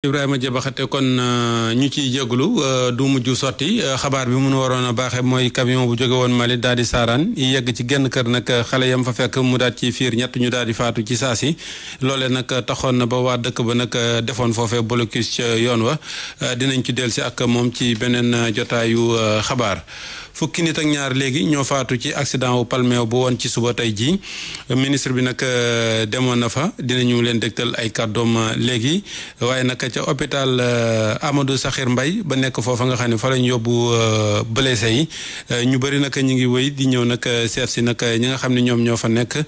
Ibrahima Jabaxate kon euh, ñu ciy jéglu euh, du mujj sotti euh, xabaar bi mun waroon a baaxe mooy camion bu jóge woon Mali daal di saaraan yegg ci genn kër nag xale yam fa fekk mu daal ci fiir ñett ñu daal di faatu ci saa si loole nag taxoon na ba waa dëkk ba nag defoon foofe blocus ca yoon wa dinañ ci dellu si ak moom ci beneen jotaayu xabaar fukki nit ak ñaar léegi ñoo faatu ci accident wu Palmeo bu woon ci suba tey jii ministre bi nag euh, demoon na fa dina dinañu leen dégtal ay kàddoom euh, léegi waaye nag ca hôpital euh, Amadou Sakhir mbay ba nekk foofa nga xam ne fa lañ yóbbu blessé yi ñu bëri nag ñu ngi wéy di ñëw nag seet si nag ñi nga xam ne ñoom ñoo fa nekk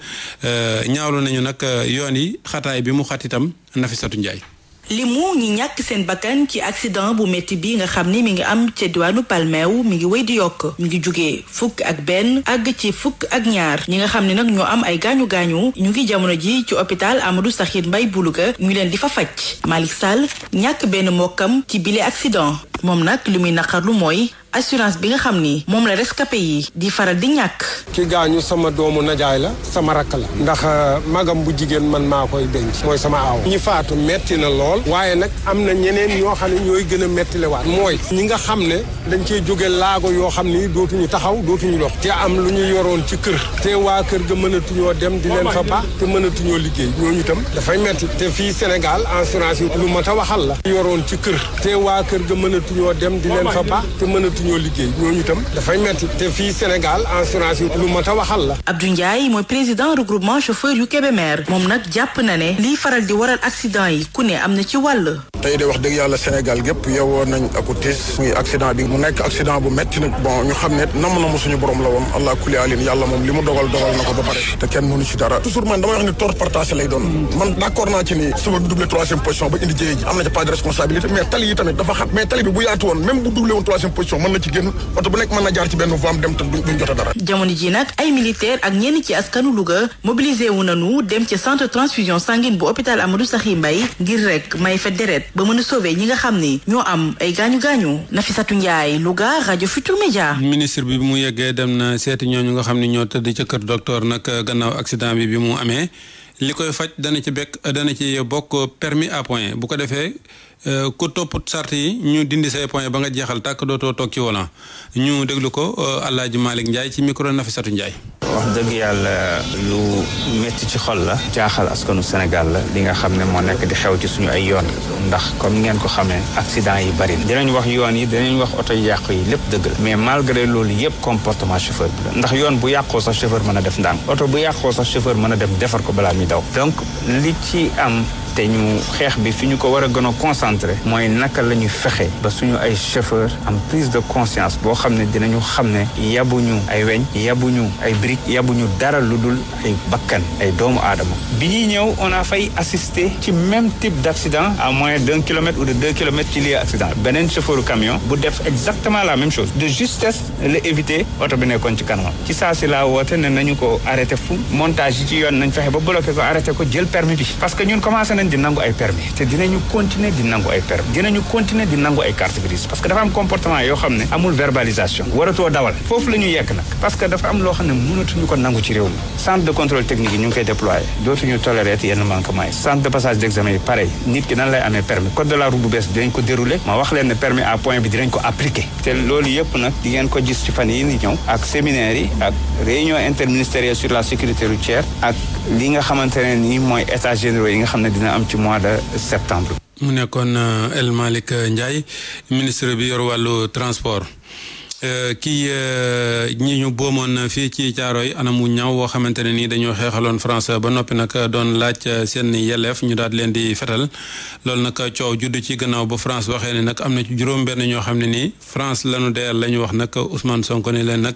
ñaawlu nañu nag yoon yi xataay bi mu xatitam Nafisatu Njaay li mu ñi ñàkk seen bakkan ci accident bu métti bi nga xam ni mi ngi am ca diwaanu Palmeew mi ngi wéy di yokk mi ngi jugee fukk ak benn àgg ci fukk ak ñaar ñi nga xam ni nag ñoo am ay gaañu gaañu ñu ngi jamono ji ci hôpital Amadou saxiit mbay bu Louga ñu leen di fa faj Malick Sall ñàkk benn mbokkam ci bile accident moom nag li muy naqarlu mooy assurance bi nga xam ni moom la rescapé yi di faral di ñàkk. ki gaañu sama doomu najaay la sama rakk la ndax euh, magam bu jigéen man maa koy denc mooy sama aaw ñi faatu metti na lool waaye nag am na ñeneen yoo xam ne ñooy gën a metti lewaat mooy ñi nga xam ne dañ cee jóge laago yoo xam ni dootuñu taxaw dootuñu dox te am lu ñu yoroon ci kër te waa kër ga mënatuñoo dem di leen fa baax te mënatuñoo liggéey ñu tam dafay metti te fii Sénégal assurance yi lu mat a waxal la yoroon ci te waa kër ga mënatuñoo dem di leen fa baax te mënatu mënatuñoo liggéey ñooñu itam dafay metti te fi Sénégal assurance lu mat a waxal la. Abdou Ndiaye mooy président regroupement chauffeur yu Kébémer moom nag jàpp na ne liy faral di waral accident yi ku ne am na ci wàll. tey de wax dëgg yàlla Sénégal gépp yeewoo nañ aku tiis muy accident bi mu nekk accident bu metti nag bon ñu xam ne nam na mu suñu borom la woon allah kulli alin yàlla moom li mu dogal dogal na ko ba man na jaar ci benn voie dem te duñ jota dara jamono ji nag ay militaire ak ñenn ci askanu Louga mobilisé wu dem ci centre transfusion sanguine bu hôpital Amadou Saxi ngir rek may fa deret ba mën a sauver ñi nga xam ni ñoo am ay gaañu gaañu Nafisatu Ndiaye Louga rajo Futur Média. ministre bi mu yeggee dem na seeti ñooñu nga xam ni ñoo tëdd ca kër docteur nag euh, gannaaw accident bi bi mu amee li koy faj dana ci bekk dana ci bokk permis à point bu ko defee. Euh, ku topp sart yi ñu dindi say point ba nga jeexal tàkk dootoo toog ci volant ñu déglu ko El euh, Hadj Malick njaay ci micro satu Ndiaye. wax dëgg yàlla lu métti ci xol la. jaaxal askanu Sénégal la li nga xam ne moo nekk di xew ci suñu ay yoon. ndax comme ngeen ko xamee accident yi bari dana ñu wax yoon yi dinañ wax oto yàqu yi lépp dëgg la. mais malgré loolu yëpp comportement chauffeur bi la. ndax yoon bu yàqoo sax chauffeur mën a def ndànk. oto bu yàqoo sax chauffeur mën a dem defar ko balaa ñu daw. te ñu xeex bi fi ñu ko war a gën a concentré mooy naka la ñu fexe ba suñu ay chauffeur am prise de conscience boo xam ne dinañu xam ne yabu ñu ay weñ yabu ñu ay yabu ñu dara lu dul ay bakkan ay doomu aadama bi ñuy ñëw on a fay assister ci même type d' accident à moins d' un kilomètre ou de deux kilomètres ci lieu accident beneen chauffeur camion bu def exactement la même chose de justesse la éviter oto bi nekkoon ci kanamam ci saa si laa woote ne nañu ko arrêté fu montage yi ci yoon nañ fexe ba bloqué ko arrêté ko jël permis nañ di nangu ay permis te dinañu continuer di nangu ay permis parce que dafa am comportement yoo xam ne amul verbalisation waratoo dawal foofu la ñu nag parce que dafa am loo xam ne mënatuñu ko nangu ci réew mi centre de contrôle technique yi ñu ngi koy déployé dootuñu toléré yenn manquement yi centre de passage d' examen yi nit ki nan amee permis code de la route bu bees bi dinañ ko déroulé ma wax leen permis à point am ci mois de septembre. mu nekkoon euh, El Malick Ndiaye ministre bi yor wàllu transport. Euh, kii euh, ñi ñu boomoon fii ci Caaroy anam wu ñaaw woo xamante ne nii dañoo xeexaloon France ba noppi nag doon laaj euh, seen yelleef ñu daal di leen di fetal loolu nag coow judd ci gannaaw ba France waxee ne nag am na ci juróom-benn ñoo xam ne nii France lanu deyal la ñu wax nag Ousmane Sonko ne leen nag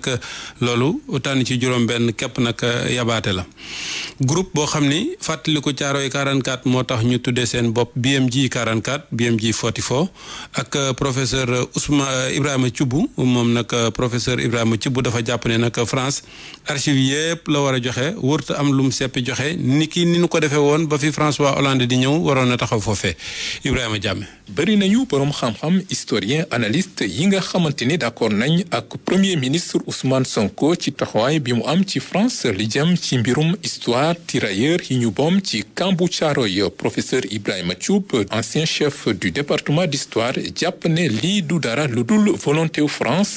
loolu tànn ci juróom-benn képp nag yabaate la groupe boo xam ni fàttaliku Caaroy 44 moo tax ñu tuddee seen bopp BMG 44 BMG 44 ak professeur Ousmane Ibrahima Thioub moom nag euh, professeur Ibrahima Thioub dafa jàpp ne nag France archive yëpp la war a joxe wërta am lu mu joxe ni ki ni ñu ko defee woon ba fi François Hollande di ñëw waroon na taxaw foofee Ibrahima Diame. bëri nañu borom xam-xam historien analyste yi nga xamante ni d'accord nañ ak premier ministre Ousmane Sonko ci taxawaay bi mu am ci France li jëm ci mbirum histoire tirailleurs yi ñu boom ci kambu Thiaroye professeur Ibrahima Thioub ancien chef du département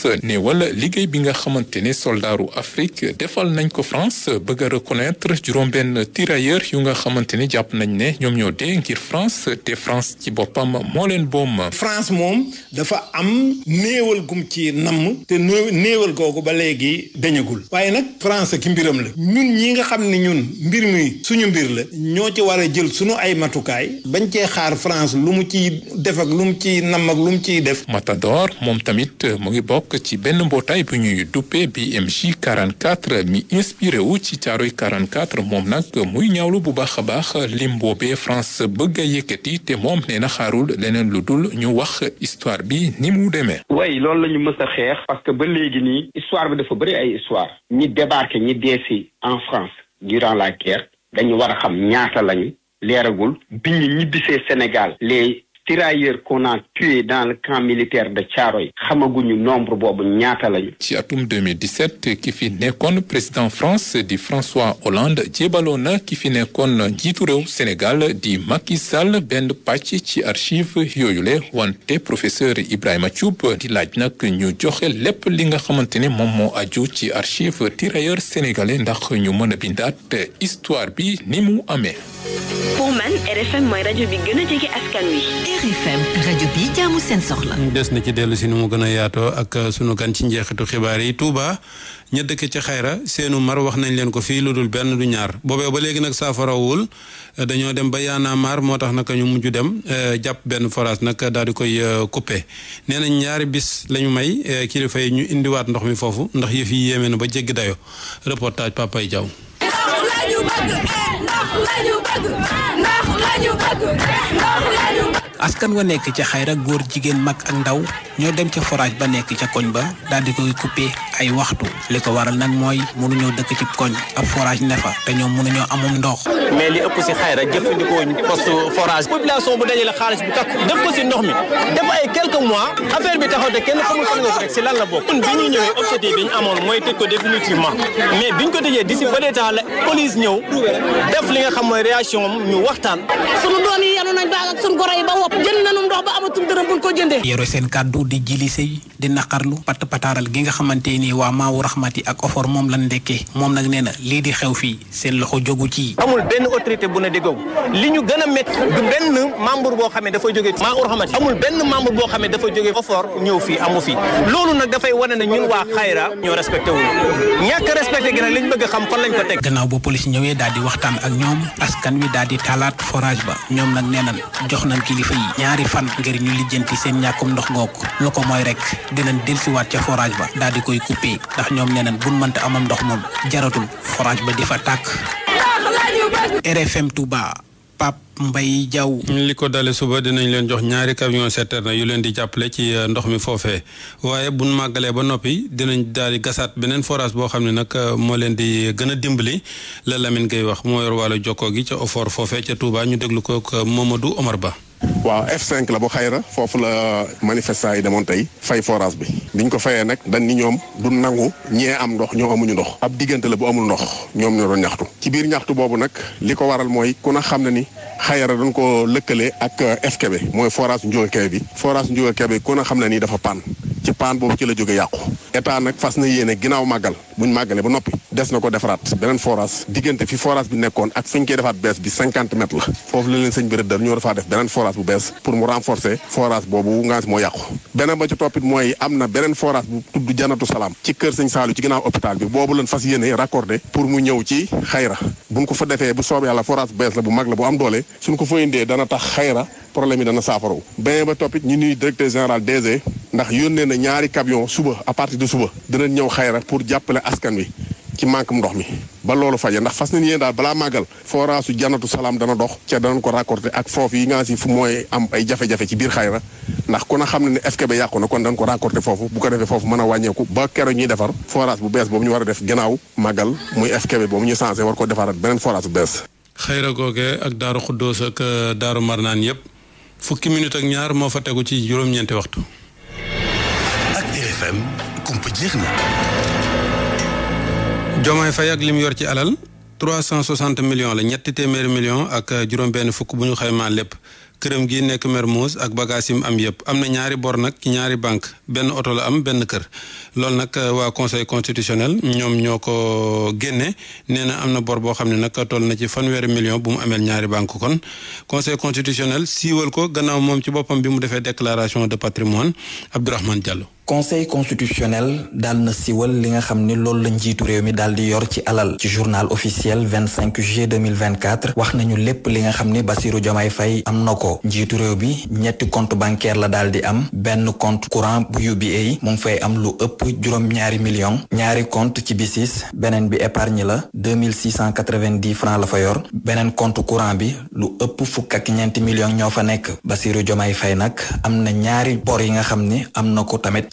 France ne wala liggéey bi nga xamante ne soldaaru Afrique defal nañ ko France bëgg a reconnaître juróom-benn tirailleurs yu nga xamante ne jàpp nañ ne ñoom ñoo dee ngir France te France ci boppam moo leen boom. France moom dafa am néewal gum ci namm te néewal googu ba léegi dañagul waaye nag France ki mbiram la ñun ñi nga xam ne ñun mbir mi suñu mbir la ñoo ci war a jël suñu ay matukaay bañ cee xaar France lu mu ciy def ak lu mu ciy namm ak lu mu ciy def. Matador moom tamit mu ngi bokk. bokk ci benn mbootaay bu ñuy duppee BMJ 44 mi inspiré wu ci caaroy 44 moom nag muy ñaawlu bu baax a baax lim boobee France bëgg a yëkkati te moom nee na xaarul leneen lu dul ñu wax histoire bi ni mu demee. way loolu la ñu mës a xeex. parce que ba léegi nii. histoire bi dafa bëri ay histoire. ñi débarqué ñi dee si en France. durant la guerre. dañu war a xam ñaata lañu. leeragul bi ñu ñibbisee Sénégal. les tirailleurs qu'on a tués dans le camp militaire de Thiaroye xamaguñu nombre boobu ñaata lañu. ci atum 2017 ki fi nekkoon président France di François Hollande jébaloo na ki fi nekkoon njiitu réew Sénégal di Macky Sall benn pàcc ci archive yooyule wante professeur Ibrahima Thioub di laaj nag ñu joxe lépp li nga xamante ne moom moo aju ci archive tirailleurs sénégalais ndax ñu mën a bindaat istoire bi ni mu amee. RFM rajo bi jaamu seen soxla. des na ci dellu si nu mu gën a yaatoo ak sunu gan ci njeexitu xibaar yi tuuba ña dëkk ci xayra seenu mar wax nañ leen ko fii lu dul benn du ñaar boobee ba léegi nag saafarawul dañoo dem ba yaanaa mar moo tax naka ñu mujj dem eh, jàpp benn forage nag daal di koy eh, coupé nee nañ ñaari bis lañu may eh, kilifa yi ñu indiwaat ndox mi foofu ndax yëf yi yéeme na ba jéggi dayo reportage Papay Diaw. askan wa nekk ca xayra góor jigéen mag ak ndaw ñoo dem ca forage ba nekk ca koñ ba daal di koy coupé ay waxtu li ko waral nag mooy mënuñoo dëkk ci koñ ab forage ne fa te ñoom mënuñoo amum ndox mais li ëpp si xayra jëfandikoo poste forage population bu dajale xaalis bu takk def ko si ndox mi def ay quelques mois affaire bi taxaw de kenn xamul xam nga rek si lan la bokk bi ñu ñëwee objectif bi ñu amoon mooy tëj ko définitivement mais biñ ko tëjee d'ici ba des temps la police def li nga xam mooy réaction mu ñu waxtaan sunu doon yi yanu nañ baag ak sunu goro yi ba wopp jënd nañu ndox ba amatul dërëm buñ ko jëndee yore seen kàddu di jili sëy di naqarlu pat pataaral gi nga xamante ni waa maawu raxmati ak ofor moom lan ndekkee moom nag nee na lii di xew fii seen loxo jogu ci amul benn autorité bu ne déggoo li ñu gën a métti du benn membre boo xam ne dafa jógee maawu raxmati amul benn membre boo xam ne dafa jógee ofor ñëw fii amu fii loolu nag dafay wane ne ñun waa xayra ñoo respecté wu ñàkk respecté gi nag liñ bëgg xam fan lañ ko teg gannaaw ba police ñëwee daal di waxtaan ak ñoom askan wi daal di taalaat forage ba ñoom nag nee na jox nañ kilifa ñaari fan ngir ñu lijjanti seen ñàkkum ndox googu lu ko mooy rek dinañ delsiwaat ca forage ba daal di koy couper ndax ñoom neneen buñ mënta amam ndox moom jaratul forage ba di fa tàkk RFM Touba mbay Mbaye Diaw li ko dale suba dinañ leen jox ñaari camion na yu leen di jàppale ci euh, ndox mi foofee waaye buñ màggalee ba noppi dinañ daal di gasaat beneen forage boo xam ne nag euh, moo leen di gën a dimbali la Lamine Gueye wax moo yor wàllu jokkoo gi ca Ofor foofee ca Touba ñu déglu ko ak euh, Mamadou Omar Ba waaw F5 la bu xayra foofu la manifestant yi demoon tey fay forage bi biñ ko fayee nag dañ ni ñoom du nangu ñee am ndox ñoo amuñu ndox ab diggante la bu amul ndox ñoom ñoo ñaxtu ci biir ñaxtu boobu nag li ko waral mooy ku na xam na ni xayara dañ ko lëkkale ak FKB mooy forage Ndiogakebe bi forage bi ku na xam ne ni dafa panne ci paan boobu ci la jóge yàqu état nag fas na yéene ginnaaw màggal buñ màggalee ba noppi des na ko defaraat beneen forage diggante fi forage bi nekkoon ak fiñ koy defaat bi cinquante mètres la foofu la leen sëñ bi rëddal ñoo dafaa def beneen forage bu bees pour mu renforcer forage boobu ngaas moo yàqu beneen ba ci toppit mooy am na beneen forage bu tudd janatu salaam ci kër sëñ Saalu ci ginnaaw hôpital bi boobu lañ fas yéene raccordé pour mu ñëw ci xayra buñ ko fa defee bu soob la forage bu bees la bu mag la bu am doole suñ ko fa indee dana tax xayra problème yi dana saafaraw beneen ba toppit ndax yónnee na ñaari camion suba à partir de suba dinañ ñëw xayra pour jàppale askan wi ci manque ndox mi ba loolu faje ndax fas nañ yéen daal balaa màggal foraasu janatu salaam dana dox ca danañ ko raccordé ak foofu yi nga si fu mooy am ay jafe-jafe ci biir xayra ndax ku na xam ne ne FKB yàqu na kon dañ ko raccordé foofu bu ko defee foofu mën a wàññeeku ba kero ñuy defar forage bu bees boobu ñu war a def gannaaw màggal muy FKB boobu ñu changé war ko defaraat beneen forage bu bees xayra googe ak daaru xuddoos ak daaru marnaan yëpp fukki minute ñaar moo fa ci juróom-ñeenti waxtu FM kumpa jeex na. Diomaye Faye ak li mu yor ci alal trois cent soixante millions la ñetti téeméeri million ak juróom-benn fukk bu ñu xaymaa lépp. këram gi nekk Mermoz ak bagages yi mu am yëpp am na ñaari bor nag ñaari banque benn oto la am benn kër loolu nag euh, waa conseil constitutionnel ñoom ñoo ko génne nee na am na bor boo xam ne nag toll na ci fanweeri million bu mu ameel ñaari banque kon conseil constitutionnel siiwal ko gannaaw moom ci boppam bi mu defee déclaration de patrimoine Abdourahmane Diallo conseil constitutionnel daal na siwal li nga xam ni loolu la njiitu réew mi daal di yor ci alal ci journal officiel 25 juillet 2024 wax nañu lépp li nga xam ni Bassirou Diomaye Faye am na ko njiitu réew bi ñetti compte bancaire la daal di am benn compte courant bu UBA mu ngi fay am lu ëpp juróom-ñaari million ñaari compte ci BICIS beneen bi épargne la 2690 francs la fa yor beneen compte courant bi lu ëpp fukk ak ñeenti million ñoo fa nekk Bassirou Diomaye Faye nag am na ñaari yi nga xam ni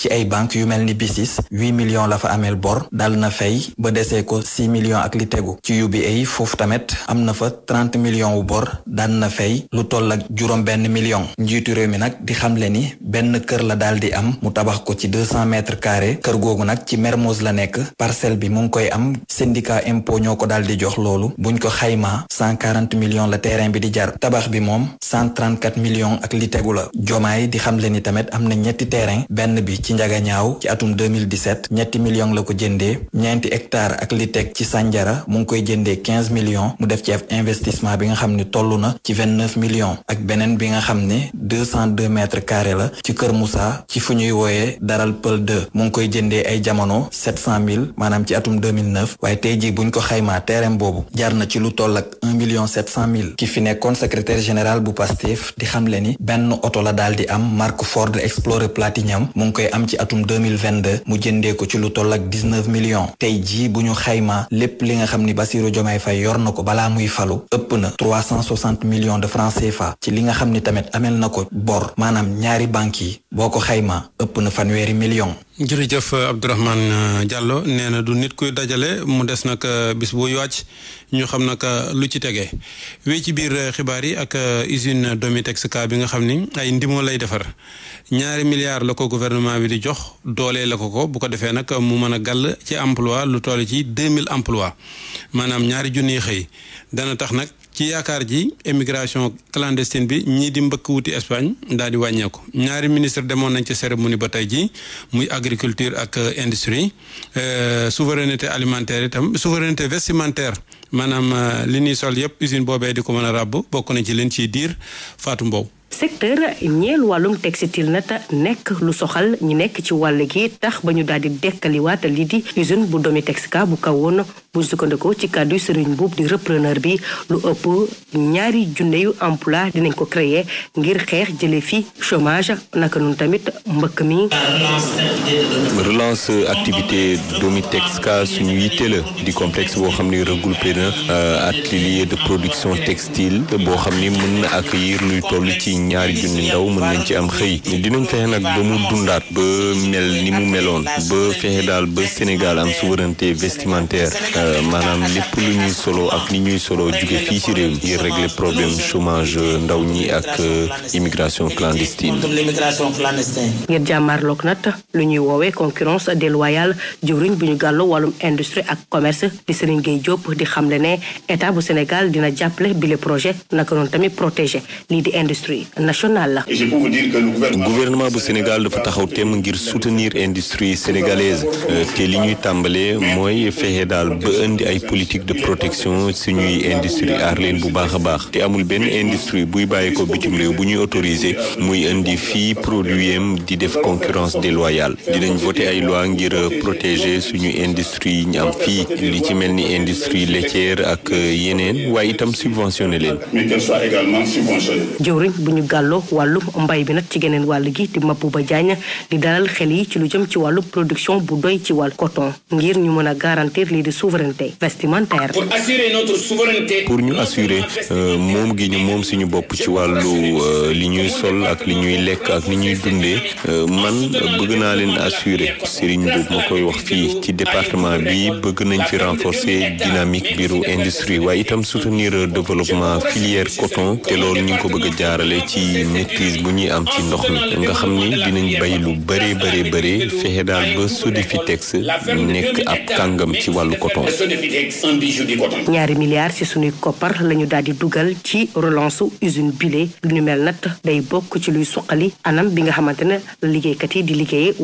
ci ay banque yu mel ni BICIS huit millions la fa ameel bor dal na fay ba desee ko six millions ak li tegu ci UBA foofu tamit am na fa trente millions wu bor dal na fay lu toll ak juróom benn million njiitu réew mi nag di xamle ni benn kër la daal di am mu tabax ko ci deux cent mètres carrés kër googu nag ci mermose la nekk parcelle bi mu ngi koy am syndicat impo ñoo ko daal di jox loolu buñ ko xaymaa cent quarante millions la terrain bi di jar tabax bi moom cent trente quatre ak li tegu la jomaay di xamle ni tamit am na ñetti terrain benn bi ci ñaaw ci atum 2017 ñetti millions la ko jëndee ñeenti hectare ak li teg ci Sanjara mu ngi koy jëndee 15 millions mu def ci ab investissement bi nga xam ne toll na ci 29 millions ak beneen bi nga xam ne 202 mètres carrés la ci Kër Moussa ci fu ñuy wooyee Daral Pël 2 mu ngi koy jëndee ay jamono 700 000 maanaam ci atum 2009 waaye tey jii buñ ko xaymaa terrain boobu jar na ci lu toll ak million million 700 000 ki fi nekkoon secrétaire général bu Pastef di xamle ni benn oto la daal di am marque Ford Explorer Platinum mu am ci atum 2022 mu jëndee ko ci lu toll ak 19 millions tey jii bu ñu xayma lépp li nga xam ni Bassirou Diomaye Faye yor na ko balaa muy falu ëpp na 360 millions de francs CFA ci li nga xam ni tamit ameel na ko bor maanaam ñaari banques yi boo ko xayma ëpp na fanweeri millions jërëjëf euh, Abdourahmane euh, Diallo nee na du nit kuy dajale mu des nag euh, bis buy wàcc ñu xam nag lu ci tege wéy ci biir xibaar yi ak usine Domitex ka bi nga xam ni ay ndimo lay defar ñaari milliards la ko gouvernement bi di jox doole la ko ko bu ko defee nag mu mën a gàll ci emploi lu toll ci deux mille emploi maanaam ñaari junniy xëy dana tax nag. ci yaakaar ji émigration clandestine bi ñii di mbëkk wuti Espagne daal di wàññeeku ñaari ministre demoon nañ ci cérémonie ba tey ji muy agriculture ak industrie euh, souveraineté alimentaire itam souveraineté vestimentaire maanaam euh, li ñuy sol yëpp usine boobee di ko mën a ràbb bokk nañ ci leen ciy diir faatu Mbow. secteur ñeel wàllum textile nag nekk lu soxal ñi nekk ci wàll gi tax ba ñu daal di dekkaliwaat lii di usine bu Domitex ka bu kawoon bu sukkandikoo ci kàddu Serigne Mboup di repreneur bi lu ëpp ñaari junne yu emploi dinañ ko créer ngir xeex jële fi chômage naka noonu tamit mbëkk mi. relance activité Domitexca suñu yitte la di complexe boo xam ni regroupé na euh, atelier de production textile boo xam ni mën na accueillir luy toll ci ñaari junni ndaw mën nañ ci am xëy dinañ fexe nag ba mu dundaat ba mel ni mu meloon ba fexe daal ba Sénégal am souveraineté vestimentaire. maanaam lépp lu ñuy solo ak ni ñuy solo jóge fii ci réew mi ngir régler problème chômage ndaw ñi ak euh, immigration clandestine. ngir jàmmaarloog nag lu ñuy woowee concurrence déloyale jëwriñ bu ñu gàllu wàllum industrie ak commerce di Serigne Gueye Diop di xamle ne état bu Sénégal dina jàppale bile projet naka noonu tamit protéger lii di industrie nationale la. gouvernement bu Sénégal dafa taxaw tem ngir soutenir industrie sénégalaise euh, te li ñuy tàmbalee ba indi ay politique de protection suñuy industrie aar leen bu baax a baax te amul benn industrie buy bàyyi ko bitim réew bu ñuy autorisé muy indi fii produit am di def concurrence déloyale dinañ voté ay loi ngir protéger suñu industrie yi ñu am fii li ci mel ni industrie laitière ak yeneen waaye itam subventionné leen. jëwriñ bu ñu gàlloo wàllu mbay bi nag ci geneen wàll gi di Mabouba Diagne di dalal xel yi ci lu jëm ci wàllu production bu doy ci wàll coton ngir ñu mën a garantir lii di souveraineté vestimentaire. pour assurer notre souveraineté. pour ñu assurer euh, moom gi ñu moom suñu bopp ci wàllu euh, li ñuy sol ak li ñuy lekk ak li ñuy dundee euh, man bëgg naa leen assurer Serigne Mboup ma koy wax fii ci département bi bëgg nañ ci renforcer dynamique biiru industrie waaye itam soutenir développement filière coton te loolu ñu ngi ko bëgg a jaarale ci maîtrise bu ñuy am ci ndox mi nga xam ni dinañ bay lu bëree bëree bëri fexe daal ba Sodefitex nekk ab kàngam ci wàllu coton. ñaari milliards ci sunuy koppar la ñu daal di dugal ci relance usine bile lu ñu mel nag day bokk ci luy suqali anam bi nga xamante ne liggéeykat yi di liggéey